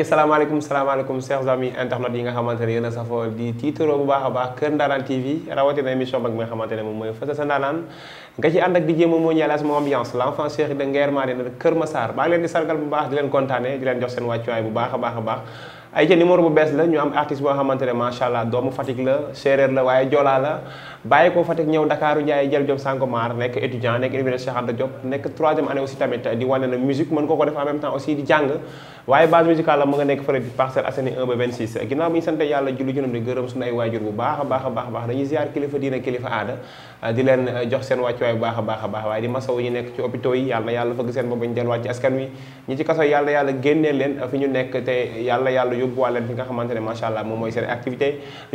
ci salaamaaleykum salaamaaleykum chers amis internet yi nga xamante ne yéen a safoo di tiitaroo bu baax a baax Kër Ndaanaan TV rawatina émission mag bi nga xamante moom mooy Fësal sa Ndaanaan nga ci ànd ak di jéem a moo ñaale sama ambiance l'enfant chéri de Nguer Marène Kër Massar maa ngi leen di sargal bu baax di leen kontaane di leen jox seen wàccuwaay bu baax a baax a baax ay ca numéro bu bees la ñu am artiste boo xamante ne allah doomu Fatick la séeréer la waaye joolaa la bàyyi ko ñëw Dakaaru Njaay jël Diop Sangomar nekk nekk université Cheikh aussi tamit di wane na mën ko ko def en temps aussi di jàng waaye base musicale la mu nga nekk fële di Parcelles Assainies 1 ba 26 ginnaaw bi ñu sante yàlla di gërëm suñu ay waajur bu baax a baax a baax baax dañuy ziar kilifa eh, bu baax a baax baax waaye di masaw yóbbuwaale leen fi nga xamante ne macha allah moom mooy seen activité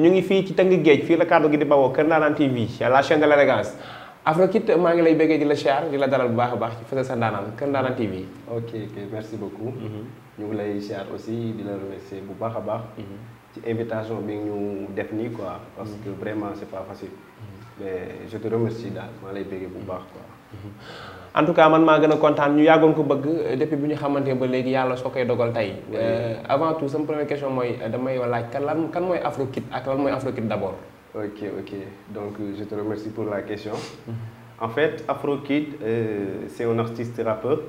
ñu ngi fii ci tëng géej fii la kaddu gi di bawoo Kër Ndanaan TV la chaîne de l'élégance Afrokid maa ngi lay bëggee di la siyaar di la dalal bu baax a baax ci Feusseul sa ndaanaan Kër Ndanaan TV ok ok merci beaucoup mm-hmm. ñu ngi lay siyaar aussi di la remercier bu baax a baax mm-hmm. ci invitation bi ñu def nii quoi parce mm-hmm. que vraiment c'est pas facile mais je te remercie daal maa lay béggee bu baax quoi. en tout cas man maa gën a kontaan ñu yàggoon ko bëgg depuis bu ñu xamante ba léegi yàlla soo koy dogal tey. Euh, avant tout sama première question mooy damay laaj kan lan kan mooy Afrokid ak lan mooy Afrokid d' abord. ok ok donc euh, je te remercie pour la question. Mm-hmm. en fait Afrokid euh, c' est un artiste rappeur.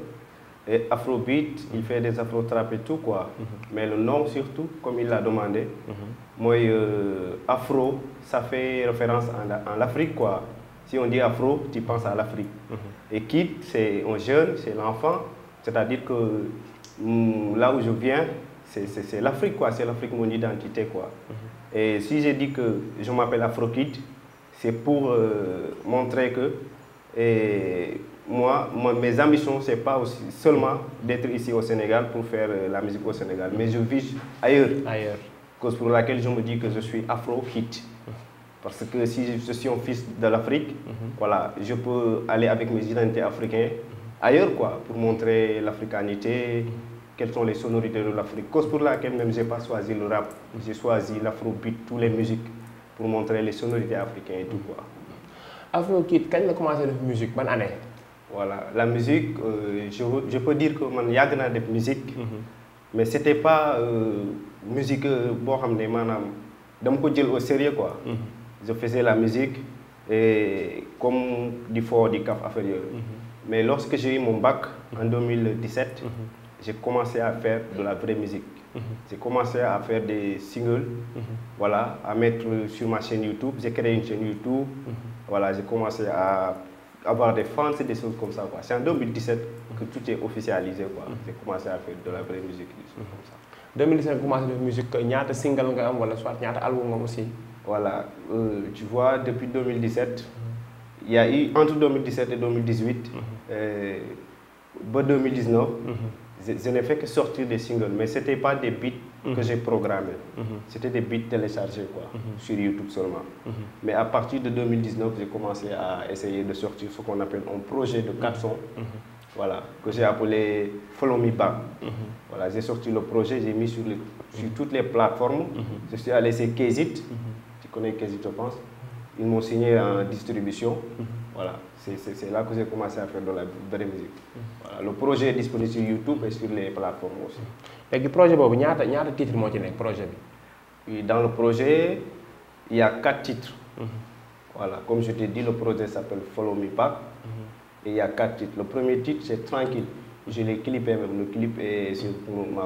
Et Afrobeat, il fait des afro trap et tout quoi. Mm -hmm. Mais le nom surtout, comme il l'a demandé, mm -hmm. moi euh, Afro, ça fait référence en, l'Afrique la, quoi. Si on dit Afro, tu penses à l'Afrique. Mm -hmm. Et Kid, c'est un jeune, c'est l'enfant. C'est-à-dire que mm, là où je viens, c'est l'Afrique quoi, c'est l'Afrique mon identité quoi. Mm-hmm. Et si j'ai dit que je m'appelle Afro Kid, c'est pour euh, montrer que et, moi, moi, mes ambitions, c'est pas aussi, seulement d'être ici au Sénégal pour faire euh, la musique au Sénégal, mais je vis ailleurs. Ailleurs. Cause pour laquelle je me dis que je suis afro-hit. Parce que si je suis un fils de l'Afrique, mm -hmm. voilà, je peux aller avec mes identités africaines ailleurs, quoi, pour montrer l'africanité, quelles sont les sonorités de l'Afrique. Cause pour laquelle même j'ai pas choisi le rap, j'ai choisi l'afrobeat, toutes les musiques, pour montrer les sonorités africaines et quoi. Afro-hit, quand tu a commencé la musique, bonne année voilà la musique euh, je je dire que man yàgg naa def musique. Mhm. mais c'était pas euh, musique euh, boo xam ne maanaam dama ko jël au sérieux quoi. Mhm. je faisais la musique et comme di fo di kaf affaire yooyu. Mhm. mais lorsque j'ai eu mon bac en 2017. j'ai commencé à faire de la vraie musique. J'ai commencé à faire des singles, mm -hmm. voilà, sur ma YouTube. J'ai créé une chaîne YouTube, mm -hmm. voilà, j'ai commencé à avoir des fans, des choses comme ça. C'est en 2017 que tout est officialisé. quoi J'ai mm-hmm. commencé à faire de la vraie musique, des choses comme ça. 2017 mm-hmm. commencé def musique euh, ñaata single nga am wala soit ñaata album nga am aussi. voilà euh, tu vois depuis 2017 mm-hmm. il y a eu entre 2017 et 2018. Euh, ba 2019. je, je n'ai fait que sortir des mais c'était pas des beats. que mhm. j'ai programmé. Mhm. C'était des bits téléchargés mhm. sur YouTube seulement. Mais à partir de 2019, j'ai commencé à essayer de sortir ce qu'on appelle un projet de 400 voilà, que j'ai appelé Follow Voilà, j'ai sorti le projet, j'ai mis sur, les, sur, toutes les plateformes. Je suis allé chez Kézit, mm -hmm. tu connais Ils m'ont signé en distribution. Voilà, c'est là que j'ai commencé à faire de la vraie musique. Voilà, le projet est disponible sur YouTube et sur les plateformes aussi. Et le projet, il y a combien titres dans le projet Dans le projet, il y a quatre titres. Mm -hmm. Voilà, comme je t'ai dit, le projet s'appelle Me Back. Mm Et il y a quatre titres. Le premier titre, c'est Tranquille. Je l'ai clippé même, le clip est sur ma,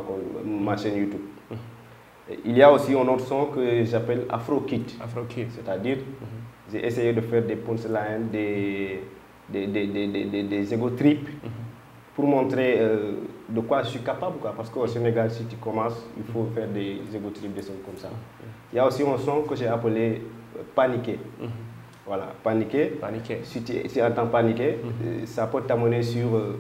ma YouTube. Mhm. Il y a aussi un autre son que j'appelle Afro Kid. Afro Kid. C'est-à-dire, mhm. J'ai essayé de faire des punchlines, des, des, des, des, des ego mhm. pour montrer euh, de quoi je suis capable. Quoi. Parce qu'au Sénégal, si tu commences, il faut faire de ego trips, des trucs comme ça. Mhm. Il y a aussi un son que j'ai appelé euh, paniquer. Mhm. Voilà, paniquer. paniquer. Si tu si entends paniquer, mm -hmm. euh, ça peut t'amener sur euh,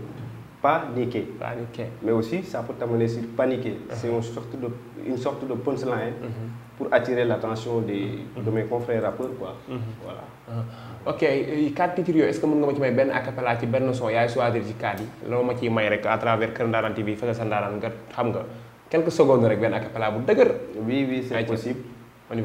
paniquer. paniquer. Mais aussi, ça peut t'amener sur paniquer. Mm de une sorte de punchline mm-hmm. pour attirer l'attention des mm-hmm. de mes confrères rappeurs quoi. Mm-hmm. voilà. Uh-huh. ok euh, quatre titres yooyu est-ce nga ma ci may benn acapella ci benn son yaay choisir ci quatre yi loo ma ciy may rek à Kër Ndanane TV Feusseul sa Ndanane nga xam nga quelques secondes rek benn acapella bu dëgër. oui oui c'est possible. on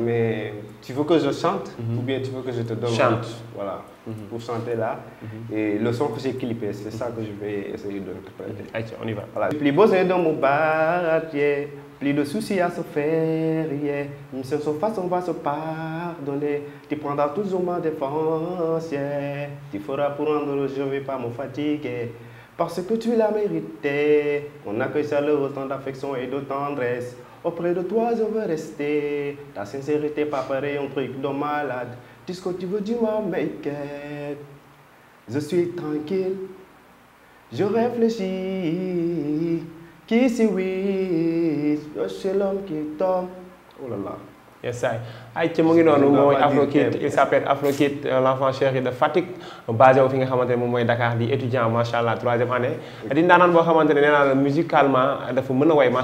mais tu veux que je chante. ou bien que je te donne. chante voilà. Mhm. pour chanter là. Mhm. Et le son que j'ai c'est ça que je vais essayer d'interpréter. Allez, on y va. Voilà. Plus besoin de me battre, yeah. plus de soucis à se faire, yeah. Sur ce face, on va se pardonner. Tu prendras toujours ma défense, yeah. Tu feras pour rendre, je vais pas me fatiguer. Parce que tu l'as mérité, on accueille chaleureux tant d'affection et de tendresse. Auprès de toi, je veux rester. Ta sincérité, pas pareil, un truc de malade. Dis ce que tu veux, tu vas make it. Je suis tranquille. Je réfléchis. Qui si oui, je suis l'homme qui tombe. Oh là là. Yes, I. Aïe, tu m'as dit non, il s'appelle Afrokit, euh, l'enfant de Fatigue. basé wu fi nga xamante ne moom mooy Dakar di étudiant macha allah troisième di ndaanaan boo xamante ne nee naa la a way a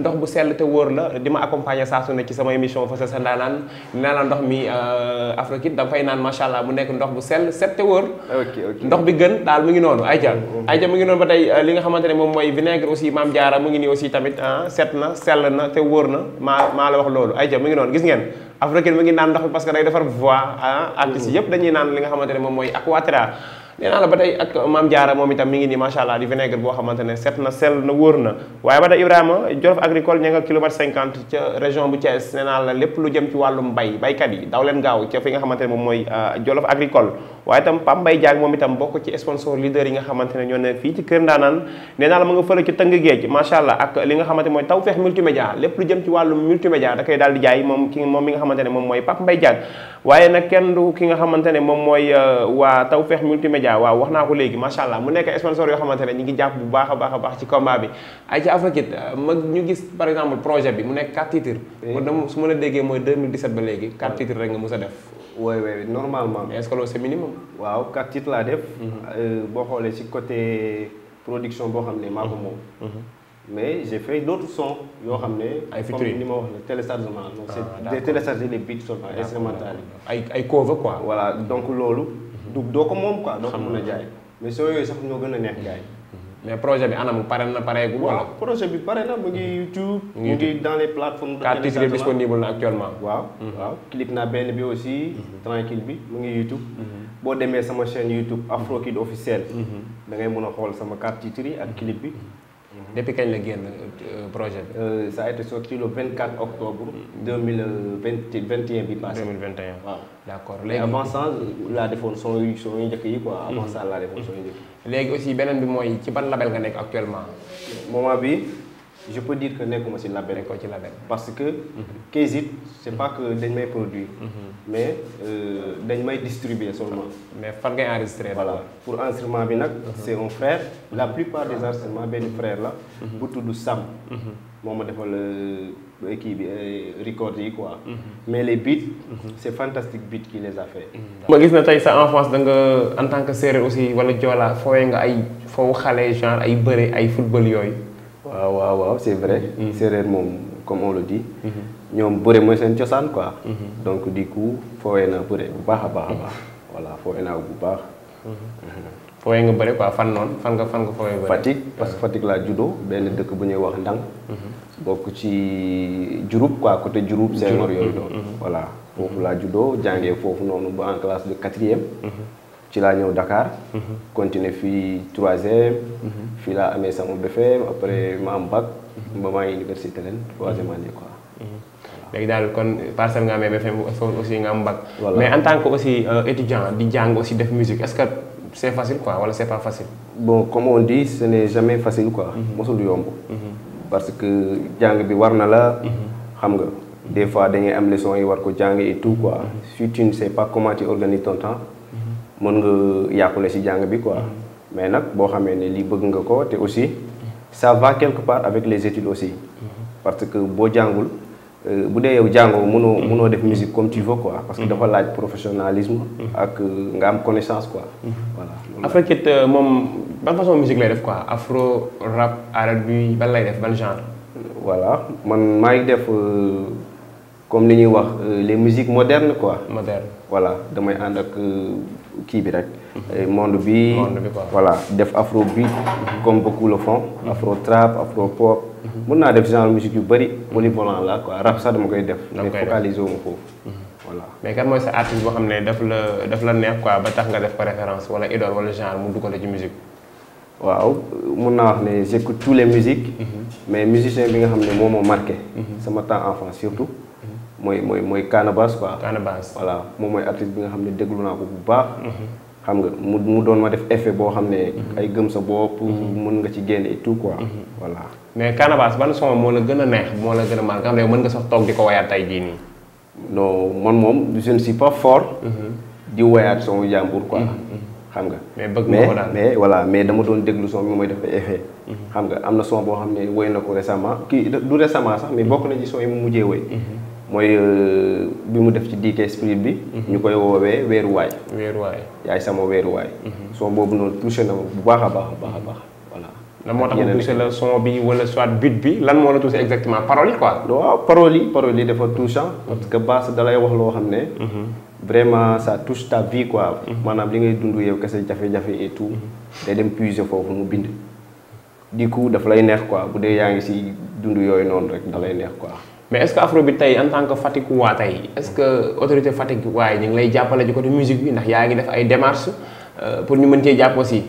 a baax eh, ma accompagner saa su ne ci sama émission fa sa da euh, fay naan macha allah mu nekk ndox bu sell set te wóor ndox bi gën daal mu ngi noonu ayca ayca mu ngi noonu ba tey euh, li nga xamante ne moom mooy vinaigre aussi maam jaara mu ngi nii aussi tamit ah, set na na sell na te wóor na maa maa la wax loolu ay ca mu ngi noonu gis ngeen africain mu ngi naan ndox mi parce que day defar voix ah artistes yëpp dañuy naan li nga xamante ne moom mooy aquatera nee naa la ba tey ak maam Diarra moom itam mi ngi nii macha allah di vinaigre boo xamante set na sell na wóor na waaye ba tey Ibrahima Jolof agricole ña nga ci wàllum yi daw leen gaaw euh, la lépp lu jëm ci wàllum multimédia da koy daal jaay moom moom mi nga xamante moom mooy Pam Mbaye Diagne waaye nag kenn ki nga xamante moom mooy euh, waa Tawfekh multimédia waaw wax naa ko léegi macha allah mu nekk sponsor yoo xamante ne ñu ngi jàpp bu baax a baax a baax ci combat bi ay ci Afakit ma ñu gis par exemple projet bi mu nekk 4 titres. kon dama su ma la déggee mooy 2017 ba léegi 4 titres rek nga mus a def. oui oui normalement. est c'est minimum. waaw 4 titres laa def. Mhm. Euh, boo xoolee ci côté production boo xam ne maa ko mhm. moom. Mhm. mais j'ai fait d'autres sons yoo xam ne. ay featuring comme ni ma wax la téléchargement. donc c'est ah, télécharger les beats seulement instrumental yi. ay quoi. voilà donc loolu. du doo ko moom quoi. doo ko mën a jaay mais soo yooyu sax ñoo gën a neex gars mm-hmm. mais projet bi anam pare na pareegu. wala projet bi pare na mu ngi mm-hmm. YouTube. mu ngi dans les plateformes. de téléchargement carte disponible na actuellement. waaw mm-hmm. waaw clip naa benn bi aussi. tranquille bi mu ngi YouTube. boo demee sama chaîne YouTube Afro Kid officiel. da ngay mën a xool sama carte titre yi ak clip bi. Mhm. depuis kañ la génn euh, projet bi. Euh, ça a été sorti le 24 octobre. 2020 21 bi passé. 2021 waaw. d' accord léegi avant laa defoon son yu son yu yi quoi. avant mhm. ça laa defoon son yu léegi aussi beneen bi mooy ci ban label nga nekk actuellement. moment bi. je peux dire que nekkuma ci label nekkoo ci label parce que Kesit c'est pas que dañ may produire mais euh, dañ may distribuer seulement mais fan ngay enregistrer voilà pour enregistrement bi nag c'est un frère la plupart des enregistrements benn frère la bu tudd Sam moom ma defal euh, kii bi euh, record yi quoi mais les beats c'est Fantastic Beat qui les a fait ma gis na tey sa enfance da nga en tant que séeréer aussi wala joola fooyee nga ay foofu xale genre ay bëre ay football yooyu waaw waaw waaw c'est vrai. Mhm. séeréer moom comme on mhm. ñoom bëre mooy seen cosaan quoi. Mhm. donc du coup foowee naa bëre bu baax a baax a baax. voilà foowee naa bu baax. foowee nga bëre quoi fan noonu fan nga fan nga Fatick parce que Fatick laa juddoo benn dëkk bu ñuy wax Ndang. bokk ci Diouroup côté Diouroup. Senghor yooyu noonu. voilà foofu laa juddoo jàngee foofu noonu ba en classe de quatrième. ci laa ñëw Dakar. Mhm. continuer fii troisième. Mhm. fii laa amee sama BFEM après mhm. ma am bac. ba maa ngi université ren troisième année quoi. léegi daal kon parcelle nga amee BFEM aussi nga am bac. mais en tant que aussi euh, étudiant di jàng aussi def musique est-ce que c'est facile quoi wala c'est pas facile. bon comme on dit ce n'est jamais facile quoi. mosul yomb. parce que jàng bi war na la. xam nga des fois da ngay am leçon yi war ko jàng et tout quoi si tu ne sais pas comment tu mën nga yàqule si jàng bi quoi mm-hmm. mais nag boo xamee ne lii bëgg nga ko te aussi sa va quelque part avec les études aussi mm-hmm. parce que boo jàngul euh, bu dee yow jàngoo mënoo mënoo mm-hmm. def musique comme tu veux parce que dafa laaj professionnalisme ak euh, nga am connaissance quoi voilà Afrique euh, moom ban façon musique lay def quoi afro rap arabe bi ban lay def ban genre voilà man maa ngi def comme ni ñuy wax euh, les musiques modernes quoi. moderne voilà damay ànd ak euh, kii bi rek. Mm-hmm. Euh, monde bi monde bi quoi voilà def afro beat mm-hmm. comme beaucoup le font. Mm-hmm. afro trap afro pop. mën naa def genre musique yu bari polyvalent la quoi rap sax dama koy def. dama koy def mais focaliser wu ma foofu. voilà mais kan mooy sa artiste boo xam ne daf la daf la neex quoi ba tax nga def préférence wala idole wala genre mu dugal ci musique. waaw mun naa wax ne j'écoute tous les musiques. mais musicien bi nga xam ne moo ma marqué. sama temps enfant mooy mooy mooy Canabasse quoi. Canabasse voilà moom mooy artiste bi nga xam ne déglu naa ko bu baax. Mhm. xam nga mu mu doon ma def effet boo xam ne. Mhm. ay gëm sa bopp. Mhm. mën nga ci génne et tout quoi. mais Canabasse ban son moo la gën a neex moo la gën a marqué nga xam ne mën nga sax toog di ko wayaat tey jii nii. non man moom je ne suis pas fort. di wayaat son jàmbur quoi. xam nga mais bëgg nga ko daal mais voilà mais dama doon déglu son bi mooy def effet. xam nga am na son boo xam ne woy na ko récemment ki du récemment sax mais bokk na ci son yi mu mujjee woy. mooy euh, bi mu def ci DK Spirit bi. Mhm. ñu koy woowee weeruwaay. weeruwaay yaay sama weeruwaay. Mhm. son boobu noonu touché na bu baax a baax a baax a baax voilà. lan moo tax mu touché la son bi wala soit but bi lan moo la touché exactement paroles yi quoi. waaw paroles yi paroles yi dafa touchant. Mhm. parce que basse dalay wax loo xam ne. vraiment ça touche ta vie quoi. maanaam li ngay dund yow kese jafe-jafe et tout. day dem puiser foofu mu bind. du coup daf lay neex quoi bu dee yaa ngi si dund yooyu noonu rek da lay neex quoi. mais est ce bi afrobeat tey en tant que Fatick waa tey est que autorité Fatick waaye ñu ngi lay jàppale ci côté musique bi ndax yaa ngi def ay démarches euh, pour ñu mën cee jàppo si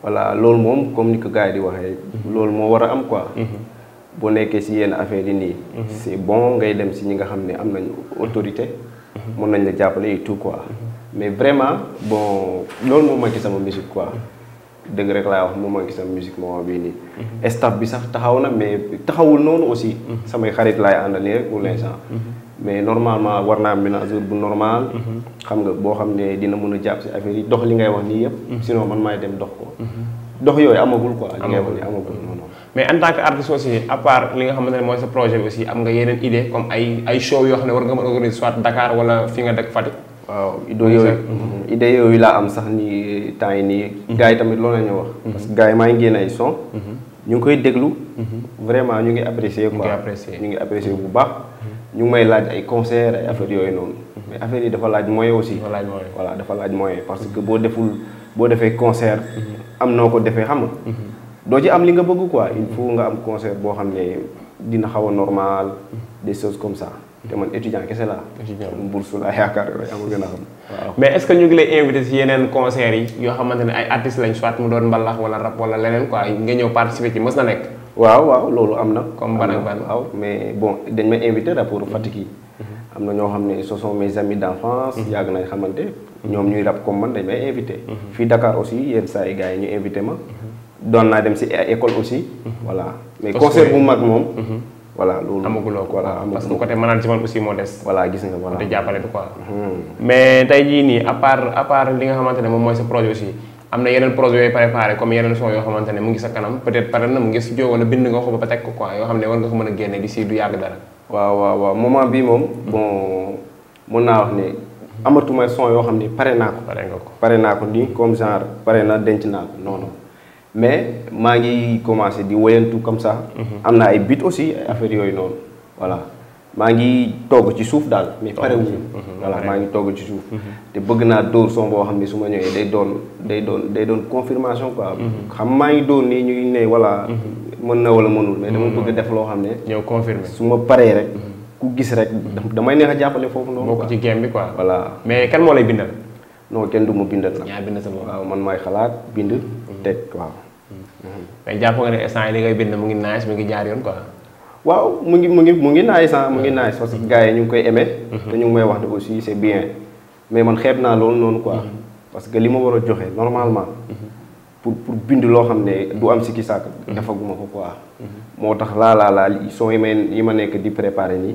voilà loolu moom comme ni ko gars yi di waxee. loolu moo war a am quoi. Mhm. boo nekkee si yenn affaire yi nii. Mhm. c'est bon ngay dem si ñi nga xam ne am nañ autorité. Mhm. mën nañ la jàppale et tout quoi. mais vraiment bon loolu moom ma ci sama musique quoi. dëgg rek laay wax moom mooy gis na musique moment bii nii. Mhm. staff bi sax taxaw na mais taxawul noonu aussi. Mhm. samay xarit laay àndal nii rek pour l'instant. Mhm. mais normalement war naa mën a jour bu normal. xam nga boo xam ne dina mën a jàpp si affaire yi dox li ngay wax nii yëpp. sinon man maay dem dox ko. dox yooyu amagul quoi. amagul non mais en tant que li nga xamante ne mooy sa projet bi am nga yeneen idée comme ay ay show yoo xam ne war nga mën a organiser soit Dakar wala fi nga dëkk Fatick. waaw idée yooyu mhm. yooyu laa am sax ni temps yi nii mhm. gars yi tamit loolu la ñu wax mhm. parce que gars yi maa génn ay son ñu ngi koy déglu vraiment ñu ngi apprécier quoi ñu ngi apprécier bu baax ñu ngi may laaj ay concert ay affaires yooyu noonu mais affaires yi dafa laaj moyen aussi voilà dafa laaj parce que boo deful boo defee concert am noo ko defee xam doo ci am li nga bëgg quoi il faut nga am concert boo xam ne dina xaw a normal des choses comme ça te man étudiant kese laa. étudiant bourse laa yaakaar yooyu amul gën a xam. waaw mais est que ñu ngi lay invité si yeneen concert yi yoo xamante ne ay artistes lañ soit mu doon mbalax wala rap wala leneen quoi nga ñëw participer na nekk. waaw bon dañ may invité rapport Fatick yi. Mm-hmm. am na ñoo xam ne ce sont mes amis d' enfance. Mm-hmm. yàgg nañ xamante ñoom ñuy rap comme man dañ may invité. Mm-hmm. fii Dakar aussi yenn saa yi gars yi ñu invité ma. doon naa dem si école aussi. voilà mais concert bu mag moom. voilà loolu amaguloo ko voilà parce que côté mënaan ci man aussi moo des. voilà gis nga voilà côté hmm. mais tey jii nii à part li nga xamante ne moom mooy sa projet aussi am na yeneen projet yooyu préparé comme yeneen son yoo xamante ne mu ngi sa kanam peut être pare na mu ngi studio wala bind nga ko ba teg ko quoi yoo xam ne war nga ko mën a génne d'ici du yàgg dara. waaw waaw waaw moment bii moom. bon mun naa wax ne amatuma son yoo xam ne pare naa ko. pare nga ko pare naa ko nii comme genre pare na denc naa ko mais maa ngi commencé di woyantu comme ça. Mhm. am na ay bit aussi ay yooyu noonu voilà maa ngi togg ci suuf daal. mais parewuñu mhm, voilà maa ngi togg ci suuf. Mhm. te bëgg naa dóor son boo xam ne su ma ñëwee day doon day doon day doon confirmation quoi. xam maa ngi doon nii ñu ngi ne voilà. mën na wala mënul mais dama bëgg def loo xam ne. ñëw confirmer su ma paree rek. ku gis rek. damay neex a jàppale foofu noonu. bokk ci game bi quoi. voilà mais kan moo lay bindal. non kenn du ma bindal. yaa bindal sa bopp waaw man maay xalaat bind. teg waaw. Mm-hmm. mais jàpp nga ne instant yi li ngay bind mu ngi nice mu ngi jaar yoon quoi. waaw mu ngi mu ngi mu ngi nice ah, mu ngi mm-hmm. nice parce que gars yi ñu ngi koy aimé. Mm-hmm. te ñu ngi may wax ne aussi c'est bien mais man xeet naa loolu noonu quoi. parce que li ma war a joxe normalement. pour pour bind loo xam ne du am si kii sàkk. defaguma ko quoi. moo tax laa laa laa son yi may yi ma nekk di préparer nii.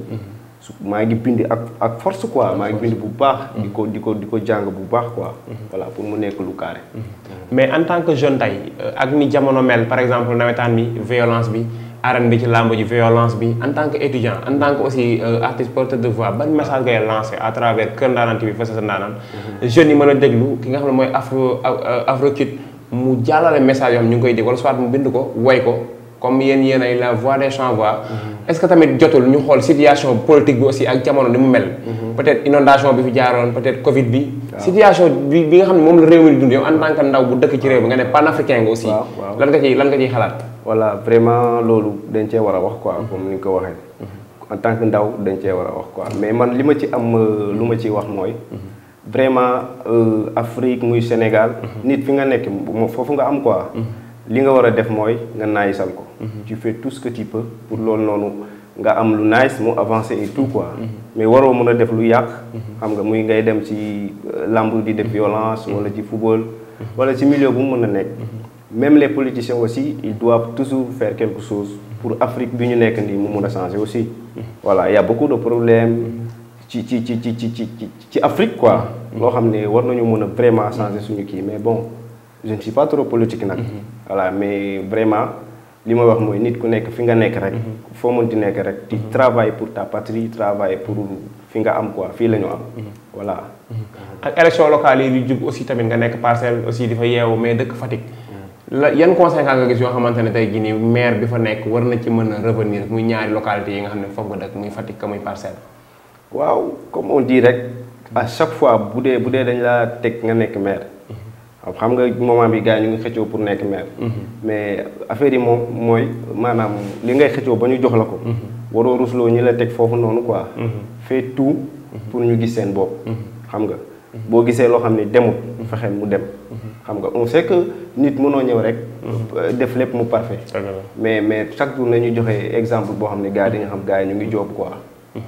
maa ngi bind ak ak force quoi maa ngi bind bu baax. Mm-hmm. di ko di ko di ko jàng bu baax quoi. Mm-hmm. voilà pour mu nekk lu carré. Mm-hmm. mais en tant que jeune tey euh, ak ni jamono mel par exemple nawetaan bi violence bi arène bi ci làmb ji violence bi en tant que étudiant en tant que aussi euh, artiste porteur de voix ban message ngay lancé à travers Kër Ndaanaan TV Fës sa Ndaanaan. jeunes yi mën a déglu ki nga xam ne mooy afro afro kid mu jàllale message yoo xam ñu ngi koy dégg wala mu bind ko woy ko. comme yéen yéen ay la voix des sans voix mm-hmm. est-ce que tamit jotul ñu xool situation politique bi aussi ak jamono ni mu mel mm-hmm. peut-être inondation bi fi jaaroon peut-être Covid bi situation bi nga xam ne moom la réew mi di dund yow en tant que ndaw bu dëkk ci réew bi nga ne panafricain nga aussi lan nga ciy xalaat voilà vraiment loolu dañ cee war a wax quoi mm-hmm. comme ni ko waxee en tant que ndaw dañ cee war a wax quoi mais man li ma ci am euh, lu ma ciy wax mooy vraiment euh, Afrique muy Sénégal nit fi nga nekk foofu nga am quoi li nga war a def mooy nga naayisal ko. Mhm. tu fais tout ce que tu peux pour loolu noonu nga am lu nice mu avancé et tout quoi. Mhm. mais waroo mën a def lu yàq. Mhm. xam nga muy ngay dem ci euh, lamb di def violence wala ci football. wala ci milieu bu mu mën a nekk. même les politiciens aussi ils doivent toujours faire quelque chose pour Afrique bi ñu nekk nii mu mun a changé aussi. voilà y a beaucoup de problèmes ci ci ci ci ci ci ci Afrique quoi. loo xam ne war nañu mën a vraiment changer suñu kii mais bon. je ne suis pas trop politique nag. Mhm. voilà mais vraiment li ma wax mooy nit ku nekk fi nga nekk rek. Mhm. foo di nekk rek di mhm. travaille pour ta patrie travaille pour fi nga am quoi fii la ñu am. voilà. ak élection locale yi di jub aussi tamit nga nekk parcelle aussi di fa yeewu mais dëkk Fatick. la yan conséquences nga gis yoo xamante ne tey jii nii mair bi fa nekk war na ci mën a revenir muy ñaari localité yi nga xam ne foofu nga dëkk muy Fatick ka muy parcelle. waaw comme on dit rek à chaque fois bu dee bu dee dañ laa teg nga nekk maire. waaw xam nga moment bi gars yi ñu ngi xëccoo pour nekk maire. Mhm. mais affaire yi moom mooy maanaam li ngay xëccoo ba ñu jox la ko. Mhm. waroo rusloo ñi la teg foofu noonu quoi. Mhm. fait tout pour ñu gis seen bopp. xam nga boo gisee loo xam ne demut fexeel mu dem. xam nga on sait que nit mënoo ñëw rek. Euh, def lépp mu parfait. mais mais chaque jour nañu joxe exemple boo xam ne gars yi nga xam gars yi ñu ngi joob quoi.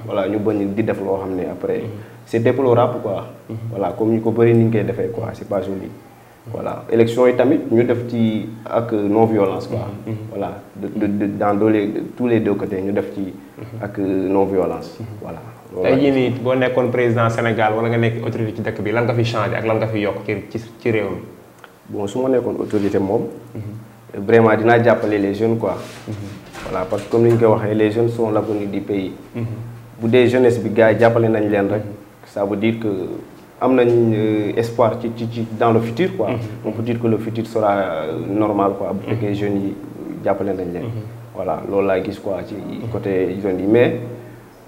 voilà ñu bañ di def loo xam ne après. c'est déplorable quoi. voilà comme ñu ko bëri ni ñu koy defee quoi c'est pas voilà élection yi tamit ñu def ci ak non violence quoi. Mm-hmm. Mm-hmm. voilà de de dans tous les deux côtés ñu def ci mm-hmm. ak non violence. voilà tey jii nii boo nekkoon président Sénégal wala nga nekk autorité ci dëkk bi lan nga fi changé ak lan nga fi yokk ci ci réew mi. bon su ma nekkoon autorité moom. vraiment dinaa jàppale les jeunes quoi. voilà parce que comme ni ñu koy waxee les jeunes sont l'avenir du pays. bu dee jeunes bi gars jàppale nañ leen rek ça veut dire que. am nañ euh, espoir ci ci ci dans le futur quoi. Mm-hmm. on peut dire que futur sera euh, normal quoi. bu mm-hmm. fekkee jeunes yi jàppale nañ leen. Mm-hmm. voilà loolu laa gis quoi ci côté jeunes yi mais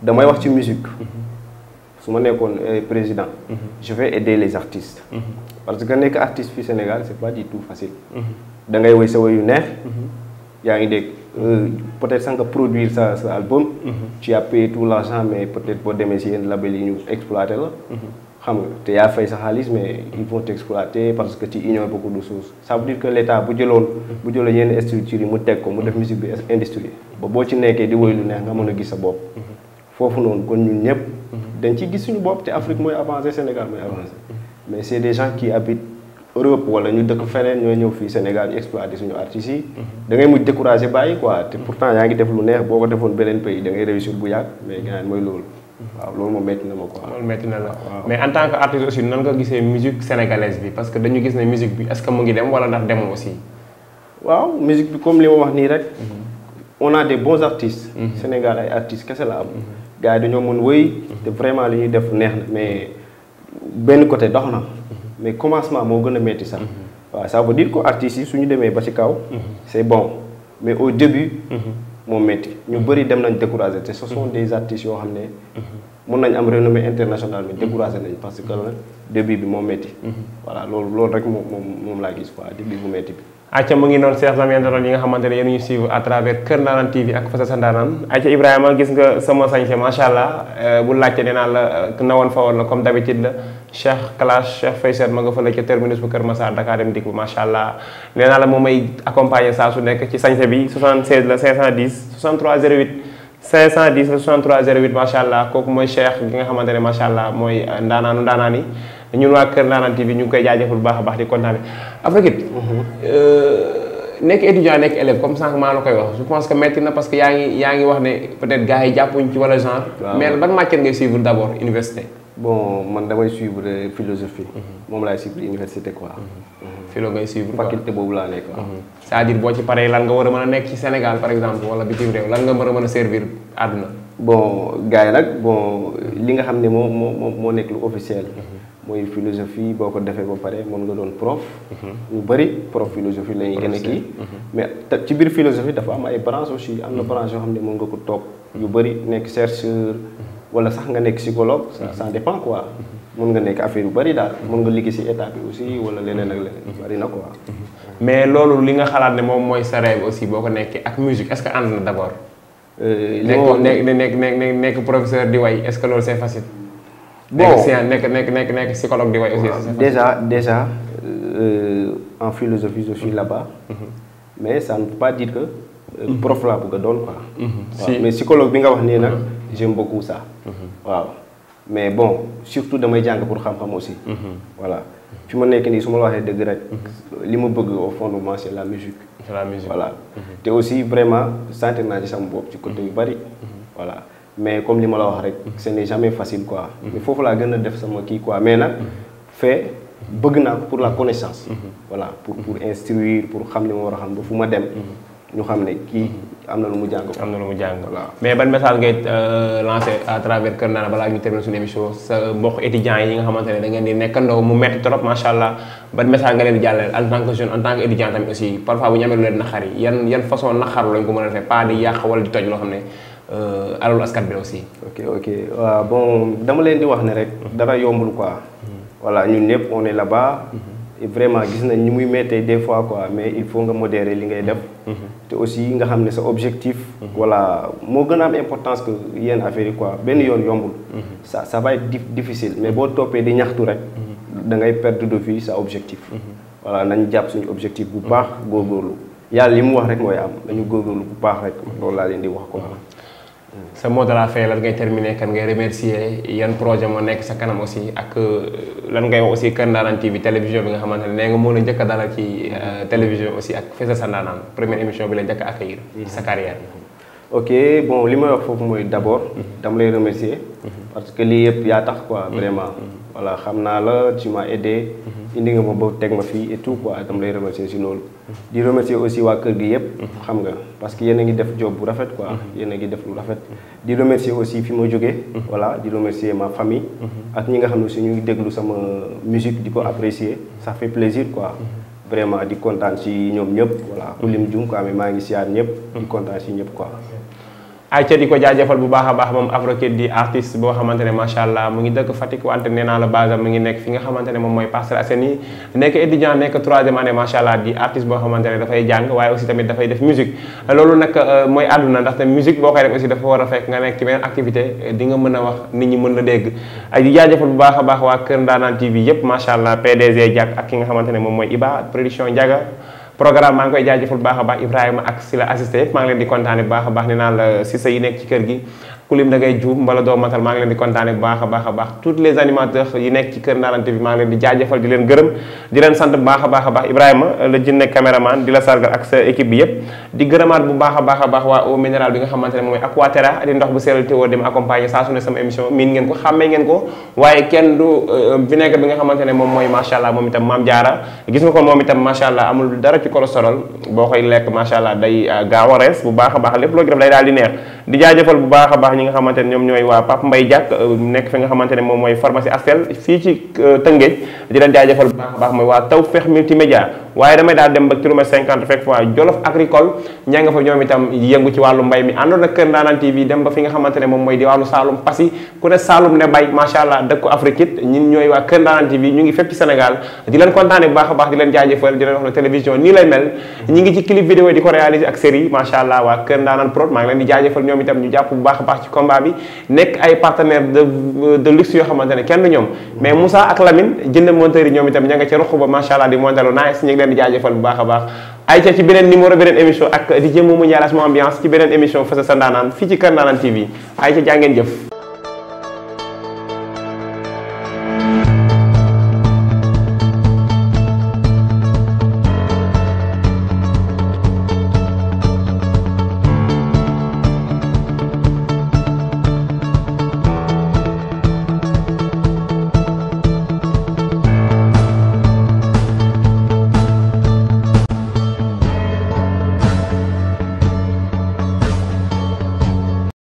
damay wax ci musique. su ma nekkoon euh, président. je vais aider les artistes. parce que nekk artiste fii Sénégal c'est pas du tout facile. da ngay woy sa woy yu neex. yaa ngi dégg peut-être sans nga produire sa sa album. ci as tout l'argent mais peut-être boo demee si yenn label yi ñu exploité la. xam nga te yaa fay sa xaalis mais ils vont t'exploiter parce que tu ignores beaucoup de choses ça veut dire que l'État bu jëloon bu jëloon yenn structures yi mu teg ko mu def musique bi industrie ba boo ci nekkee di woy lu neex nga mën a gis sa bopp foofu noonu kon ñun ñëpp dañ ci gis suñu bopp te Afrique mooy avancé Sénégal mooy avancé mais c'est des gens qui habitent Europe wala ñu dëkk feneen ñooy ñëw fii Sénégal ñu exploiter suñu artistes yi da mujj découragé bàyyi quoi te yaa ngi def lu neex boo defoon beneen pays da ngay réussir bu yàgg mais ganaan mooy loolu waaw loolu moom métti na ma quoi. loolu métti na la mais en tant que artiste aussi nan nga gisee musique sénégalaise bi parce que dañu gis ne musique bi est mu ngi dem wala ndax demul aussi. waaw musique bi comme li ma wax nii rek. Mhm. on a des bons artistes. Mhm. Sénégal ay artistes kese la am. Mhm. gars yi dañoo mën wëy. te vraiment li ñuy def neex na mais benn côté dox na. mais commencement moo gën a métti sax. waaw ça veut dire que artistes yi su ñu demee ba ci kaw. c'est bon mais au début. moom métti ñu bëri dem nañ découragé te ce sont des atis yoo xam ne mun nañ am renommée internationale mais découragé nañ parce que début bi moom métti mhm. voilà loolu loolu rek moom moom laa gis quoi début bu métti bi acca mu ngi noonu Cheikh Lamine Ndorone yi nga xamante ne yéen ñu suivre à travers Kër Ndanane TV ak Fassa sa Ndanane acca Ibrahima gis nga sama sañse macha allah euh, bu laajte nee naa la euh, na woon fa woon la comme d'habitude la Cheikh Kalash Cheikh Faysal ma nga fële ca terminus bu Kër Massar Dakar dem dikk macha allah nee la moom may accompagner saa su nekk ci sañse bi 76 la 510 63 08 510 la 63 08 macha allah kooku mooy Cheikh gi nga xamante ne macha mooy euh, ndaanaanu ndaanaan ñun waa Kër Ndaanaan TV ñu ngi koy jaajëfal bu baax a baax di kontaan Afrique mhm. euh, nekk étudiant nekk élève comme sànq maa la koy wax je pense que métti na parce bon man damay suivre philosophie. moom laay suivre université quoi. philo mhm. ngay suivre quoi faculté boobu laa nekk quoi. Mhm. cest boo ci paree lan nga war a mën a nekk ci Sénégal par exemple wala bitim réew lan nga war a mën a servir àdduna. bon gars nag bon li nga xam ne moo moo moo nekk lu officiel. Mhm. mooy philosophie boo ko defee ba pare mën nga doon prof. ñu bëri prof philosophie la ñuy gën a kii. mais ci biir philosophie dafa am ay branches aussi am na branche yoo xam ne mën nga ko toog. yu bëri nekk chercheur. wala sax nga nekk psychologue ça dépend quoi mun nga nekk affaire bu bari daal mun nga liggéey si état bi aussi wala leneen ak leneen mhm. bari na quoi mais loolu li nga xalaat ne moom mooy sa rêve aussi boo ko nekkee ak musique est-ce que ànd na d'abord euh, nekk nekk nekk nekk professeur di way est-ce que loolu c'est facile bon nekk nekk nekk nekk psychologue di way aussi déjà déjà euh, en philosophie je suis mhm. là mhm. mais ça ne veut pas dire que euh, prof laa a doon quoi mais psychologue bi nga wax nii nag j'aime beaucoup ça. Mm-hmm. waaw mais bon surtout damay jàng pour xam-xam aussi. Mm-hmm. voilà fi ma nekk nii su ma la waxee dëgg rek. Mm-hmm. li ma bëgg au fondement c'est la musique. c'est la musique voilà. te aussi vraiment sentir naa ci sama bopp ci côté yu bari. voilà mais comme li ma la wax rek. seen n'est jamais facile quoi. mais foofu laa gën a def sama kii quoi mais nag. fee bëgg naa pour la connaissance. voilà pour pour instruire pour xam ni ma war a xam ba fu ma dem. ñu xam ne kii am na lu mu jàng. am na lu mu jàng mais ban message ngay euh, lancé à travers Kër Ndanane balaa ñu terminer suñu émission sa mbokk étudiants yi nga xamante ne da ngeen di nekkandoo mu metti trop macha allah ban message nga leen di jàllale en tant que jeune en tant que étudiant tamit aussi parfois bu ñu lu leen naxar yi yan yan façon naxaru lañ ko mën a defee pas di yàq wala di toj loo xam ne euh, alalu askan bi aussi. ok ok waaw bon dama leen di wax ne rek. dara yombul quoi. Hmm. voilà ñun ñëpp on est là-bas. Hmm. vraiment gis nañ ni muy méttee des fois quoi mais il faut nga modérer li ngay def. Mm-hmm. te aussi nga xam ne sa objectif. Mm-hmm. voilà moo gën a am importance que yenn affaire yi quoi benn yoon yombul. sa mm-hmm. sa va être difficile mais boo toppee di ñaxtu rek. da ngay perdre de vue sa objectif. voilà nañ jàpp suñu objectif bu baax góorgóorlu yàlla li mu wax rek mooy am nañu góorlu bu baax rek loolu laa leen di wax quoi. sa mot de la fin lan ngay terminer kan ngay remercier yan projet moo nekk sa kanam aussi ak euh, lan ngay wax aussi Keur Ndanane TV télévision bi nga xamante ne nee nga moo la njëkk a dalal ci euh, télévision aussi ak Feesal sa Ndanaan première émission bi la njëkk a accueillir sa carrière mm-hmm. ok bon li may wax foofu mooy d'abord mm-hmm. dama lay remercier mm-hmm. parce que lii yëpp yaa tax quoi vraiment voilà xam naa la tu m'as aidé. Mhm. indi nga ma ba teg ma fii et tout quoi dama lay remercier si loolu. di remercier aussi waa kër gi yëpp. Mhm. xam nga parce que yéen a ngi def job bu rafet quoi. Mhm. yéen a ngi def lu rafet. di remercier aussi fi ma jógee. voilà di remercier ma famille. ak ñi nga xam ne su ñuy déglu sama musique di ko apprécier ça fait plaisir quoi. vraiment di kontaan si ñoom ñëpp voilà ku lim jum quoi mais maa ngi siyaar ñëpp. di kontaan si ñëpp quoi. ayca di ko jaajëfal bu baax a baax moom Afrokid di artiste boo xamante ne macha allah mu ngi dëkk Fatick wante nee naa la base mu ngi nekk fi nga xamante ne moom mooy Parcelles Assainies nekk étudiant nekk troisième euh, musique boo koy def aussi dafa war a fekk nga nekk ci activité di mën a wax nit ñi mën la dégg ay di bu baax a baax waa Kër Ndaanaan TV yëpp macha allah PDG ak ki nga xamante ne moom mooy Iba production Ndiaga programme maa ngi koy jaajëfal baax a baax Ibrahima ak si la assisté yëpp maa ngi leen di kontaane baax a baax ne naa la si sa yi nekk ci kër gi ku lim da ngay juub mbala doo maa ngi leen di kontaane baax a baax a baax tous les animateurs yi nekk ci Kër Ndanane TV maa ngi leen di jaajëfal di leen gërëm di leen sant baax a baax a baax Ibrahima la jinne caméraman di la sargal ak sa équipe bi yépp di gërëmaat bu baax a baax a baax waa eau minérale bi nga xamante ne mooy Aquaterra di ndox bu seeral téwoo dem accompagner saa su ne sama émission miin ngeen ko xàmmee ngeen ko waaye kenn du euh, vinaigre xamante ne moom mooy macha allah moom itam maam jaara gis nga moom itam macha allah amul dara ci cholestérol boo koy lekk macha allah day euh, gaaw a rees bu baax a baax lépp loo ci def day daal di jaajëfal bu baax a baax ñi nga xamante ne ñoom ñooy waa Pape Mbaye Diack euh, nekk fi nga xamante ne moom mooy pharmacie Astel fii ci euh, Tëngéej di leen jaajëfal bu baax a baax mooy waa taw Tawfekh multimédia waaye damay daal dem ba kilomètre 50 fekk fa Jolof agricole ña fa ñoom itam yëngu ci wàllu mbay mi àndoon ak Kër Ndaanaan TV dem ba fi nga xamante ne moom mooy di wàllu Saalum Passy ku ne Saalum ne bay macha allah dëkku Afrique it ñun ñooy waa Kër Ndaanaan TV ñu ngi fépp ci Sénégal di leen kontaane bu baax a baax di leen jaajëfal di leen wax ne télévision nii lay mel ñi ngi ci clip vidéo di ko réaliser ak série macha allah waa Kër Ndaanaan a baax leen jaajëfal bu baax a baax ayca ci beneen numéro beneen émission ak di jëm mu Ndialaas mu ambiance ci beneen émission Fësël sa ndaanaan fii ci Kër Ndaanaan TV ayca jaa ngeen jëf